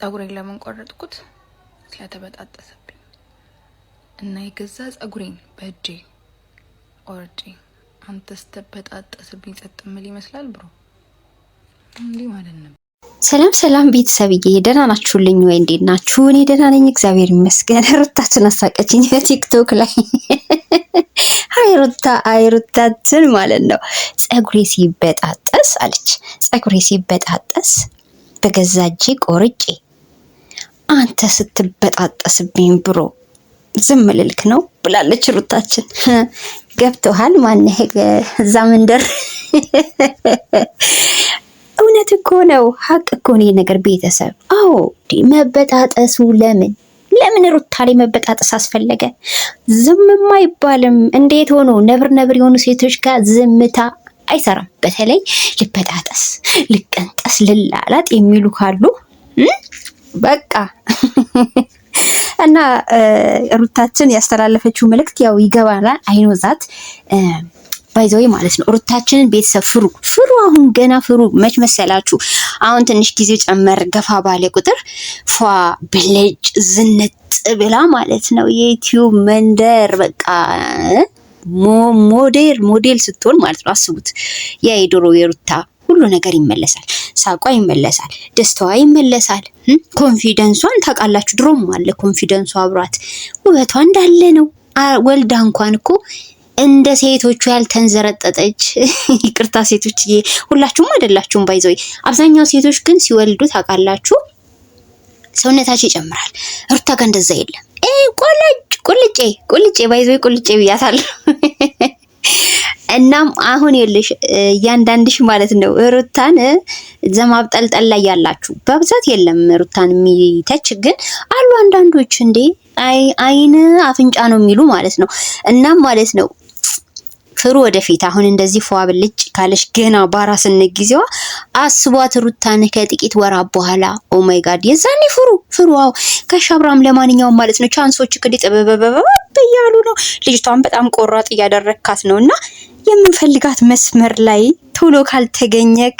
ጸጉሬን ለምን ቆረጥኩት? ስለተበጣጠሰብኝ እና የገዛ ጸጉሬን በእጄ ቆርጬ አንተ ስተበጣጠስብኝ ጸጥ ምል ይመስላል ብሮ እንዲህ ማለት ነው። ሰላም ሰላም ቤተሰብዬ፣ ደህና ናችሁልኝ ወይ? እንዴት ናችሁ? እኔ ደህና ነኝ እግዚአብሔር ይመስገን። ሩታችን አሳቀችኝ በቲክቶክ ላይ አይሩታ አይሩታችን ማለት ነው። ጸጉሬ ሲበጣጠስ አለች፣ ጸጉሬ ሲበጣጠስ በገዛ እጄ ቆርጬ አንተ ስትበጣጠስብኝ ብሮ ዝም ልልክ ነው ብላለች ሩታችን። ገብቶሃል ማነህ እዛ መንደር? እውነት እኮ ነው፣ ሀቅ እኮ ነው ነገር ቤተሰብ። አዎ መበጣጠሱ ለምን ለምን ሩታ ላይ መበጣጠስ አስፈለገ? ዝምም አይባልም። እንዴት ሆኖ ነብር ነብር የሆኑ ሴቶች ጋር ዝምታ አይሰራም። በተለይ ልበጣጠስ፣ ልቀንጠስ፣ ልላላጥ የሚሉ ካሉ በቃ እና ሩታችን ያስተላለፈችው መልእክት ያው ይገባናል። አይኖዛት ባይዘዌ ማለት ነው። ሩታችንን ቤተሰብ ፍሩ ፍሩ፣ አሁን ገና ፍሩ። መች መሰላችሁ? አሁን ትንሽ ጊዜ ጨመር ገፋ ባለ ቁጥር ፏ ብለጭ ዝንጥ ብላ ማለት ነው የዩቲዩብ መንደር በቃ ሞዴል ሞዴል ስትሆን ማለት ነው። አስቡት ያ የድሮ የሩታ ሁሉ ነገር ይመለሳል። ሳቋ ይመለሳል፣ ደስታዋ ይመለሳል። ኮንፊደንሷን ታውቃላችሁ። ድሮም አለ ኮንፊደንሷ አብሯት ውበቷ እንዳለ ነው። ወልዳ እንኳን እኮ እንደ ሴቶቹ ያልተንዘረጠጠች ይቅርታ ሴቶች ሁላችሁም አይደላችሁም። ባይዘው አብዛኛው ሴቶች ግን ሲወልዱ ታውቃላችሁ ሰውነታቸው ይጨምራል። ሩታ ጋር እንደዛ የለም። ቆለጭ ቁልጬ ቁልጬ ባይዘው ቁልጬ ብያታለሁ። እናም አሁን የለሽ እያንዳንድሽ ማለት ነው ሩታን ዘማብጠልጠል ላይ ያላችሁ በብዛት የለም ሩታን የሚተች ግን አሉ አንዳንዶች እንዴ አይን አፍንጫ ነው የሚሉ ማለት ነው። እናም ማለት ነው ፍሩ ወደፊት አሁን እንደዚህ ፏ ብልጭ ካለሽ ገና ባራስነት ጊዜዋ አስቧት ሩታን ከጥቂት ወራት በኋላ ኦ ማይ ጋድ የዛኔ ፍሩ ፍሩ። አዎ ከሻብራም ለማንኛውም ማለት ነው ቻንሶች ክዲ ጥበበበበ እያሉ ነው። ልጅቷን በጣም ቆራጥ እያደረካት ነው እና የምንፈልጋት መስመር ላይ ቶሎ ካልተገኘክ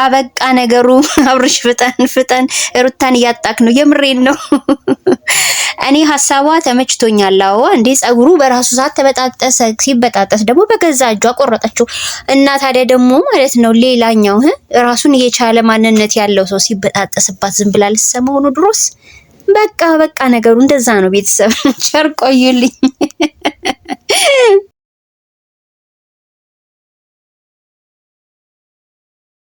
አበቃ ነገሩ። አብርሽ ፍጠን ፍጠን፣ ሩታን እያጣክ ነው። የምሬን ነው። እኔ ሀሳቧ ተመችቶኛል። አዎ እንዴ ጸጉሩ በራሱ ሰዓት ተበጣጠሰ። ሲበጣጠስ ደግሞ በገዛ እጇ ቆረጠችው እና ታዲያ ደግሞ ማለት ነው ሌላኛው ራሱን የቻለ ማንነት ያለው ሰው ሲበጣጠስባት ዝም ብላ ልትሰማው ነው ድሮስ። በቃ በቃ ነገሩ እንደዛ ነው። ቤተሰብ ቸር ቆዩልኝ።